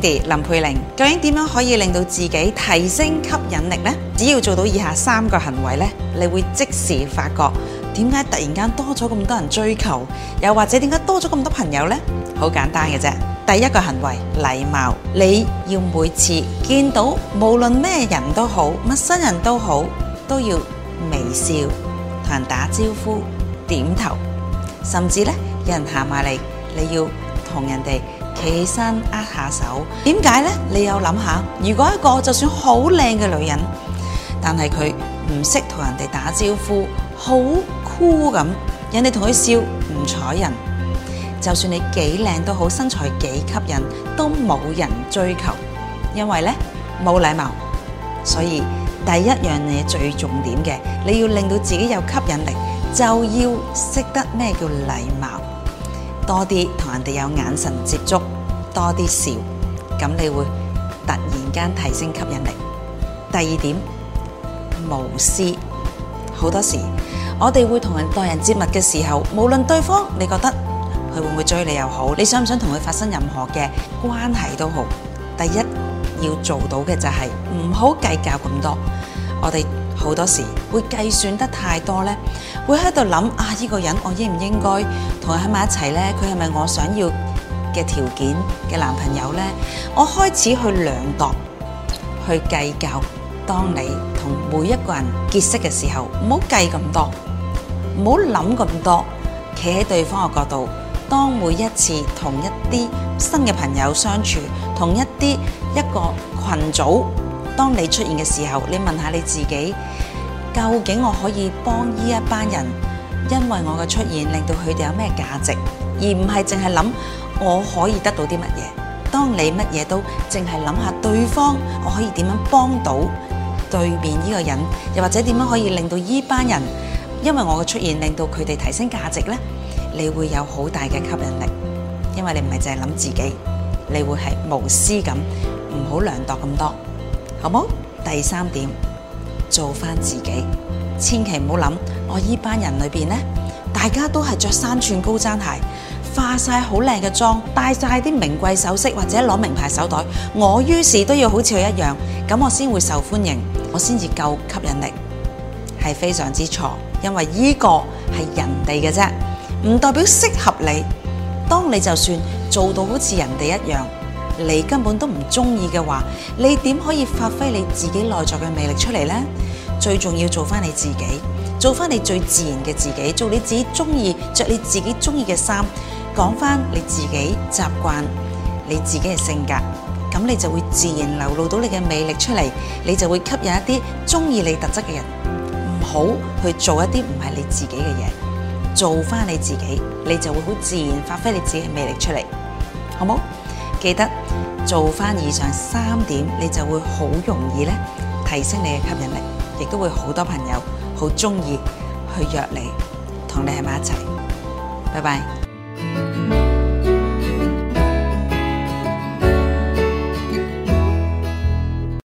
Cindy, 林佩玲，究竟點樣可以令到自己提升吸引力呢？只要做到以下三個行為咧，你會即時發覺點解突然間多咗咁多人追求，又或者點解多咗咁多朋友呢？好簡單嘅啫。第一個行為禮貌，你要每次見到無論咩人都好，陌生人都好，都要微笑同人打招呼、點頭，甚至咧，有人行埋嚟，你要同人哋。企起身握下手，點解咧？你有諗下，如果一個就算好靚嘅女人，但係佢唔識同人哋打招呼，好 cool 咁，人哋同佢笑唔睬人，就算你幾靚都好，身材幾吸引都冇人追求，因為咧冇禮貌。所以第一樣嘢最重點嘅，你要令到自己有吸引力，就要識得咩叫禮貌。多啲同人哋有眼神接觸，多啲笑，咁你會突然間提升吸引力。第二點，無私。好多時我哋會同人待人接物嘅時候，無論對方你覺得佢會唔會追你又好，你想唔想同佢發生任何嘅關係都好，第一要做到嘅就係唔好計較咁多。我哋。好多時會計算得太多咧，會喺度諗啊，呢個人我應唔應該同佢喺埋一齊咧？佢係咪我想要嘅條件嘅男朋友咧？我開始去量度去計較。當你同每一個人結識嘅時候，唔好計咁多，唔好諗咁多，企喺對方嘅角度。當每一次同一啲新嘅朋友相處，同一啲一個羣組。當你出現嘅時候，你問下你自己，究竟我可以幫呢一班人？因為我嘅出現令到佢哋有咩價值，而唔係淨係諗我可以得到啲乜嘢。當你乜嘢都淨係諗下對方，我可以點樣幫到對面呢個人？又或者點樣可以令到呢班人因為我嘅出現令到佢哋提升價值呢，你會有好大嘅吸引力，因為你唔係淨係諗自己，你會係無私咁，唔好量度咁多。好冇？第三點，做返自己，千祈唔好諗我呢班人裏面大家都係着三寸高踭鞋，化晒好靚嘅妝，戴晒啲名貴首飾或者攞名牌手袋，我於是都要好似佢一樣，咁我先會受歡迎，我先至夠吸引力，係非常之錯，因為呢個係人哋嘅啫，唔代表適合你。當你就算做到好似人哋一樣，你根本都唔中意嘅話，你點可以發揮你自己內在嘅魅力出嚟呢？最重要是做翻你自己，做翻你最自然嘅自己，做你自己中意着你自己中意嘅衫，講翻你自己習慣，你自己嘅性格，咁你就會自然流露到你嘅魅力出嚟，你就會吸引一啲中意你特質嘅人。唔好去做一啲唔係你自己嘅嘢，做翻你自己，你就會好自然發揮你自己嘅魅力出嚟，好冇？記得做返以上三點，你就會好容易咧提升你嘅吸引力，亦都會好多朋友好鍾意去約你同你喺埋一齊。拜拜。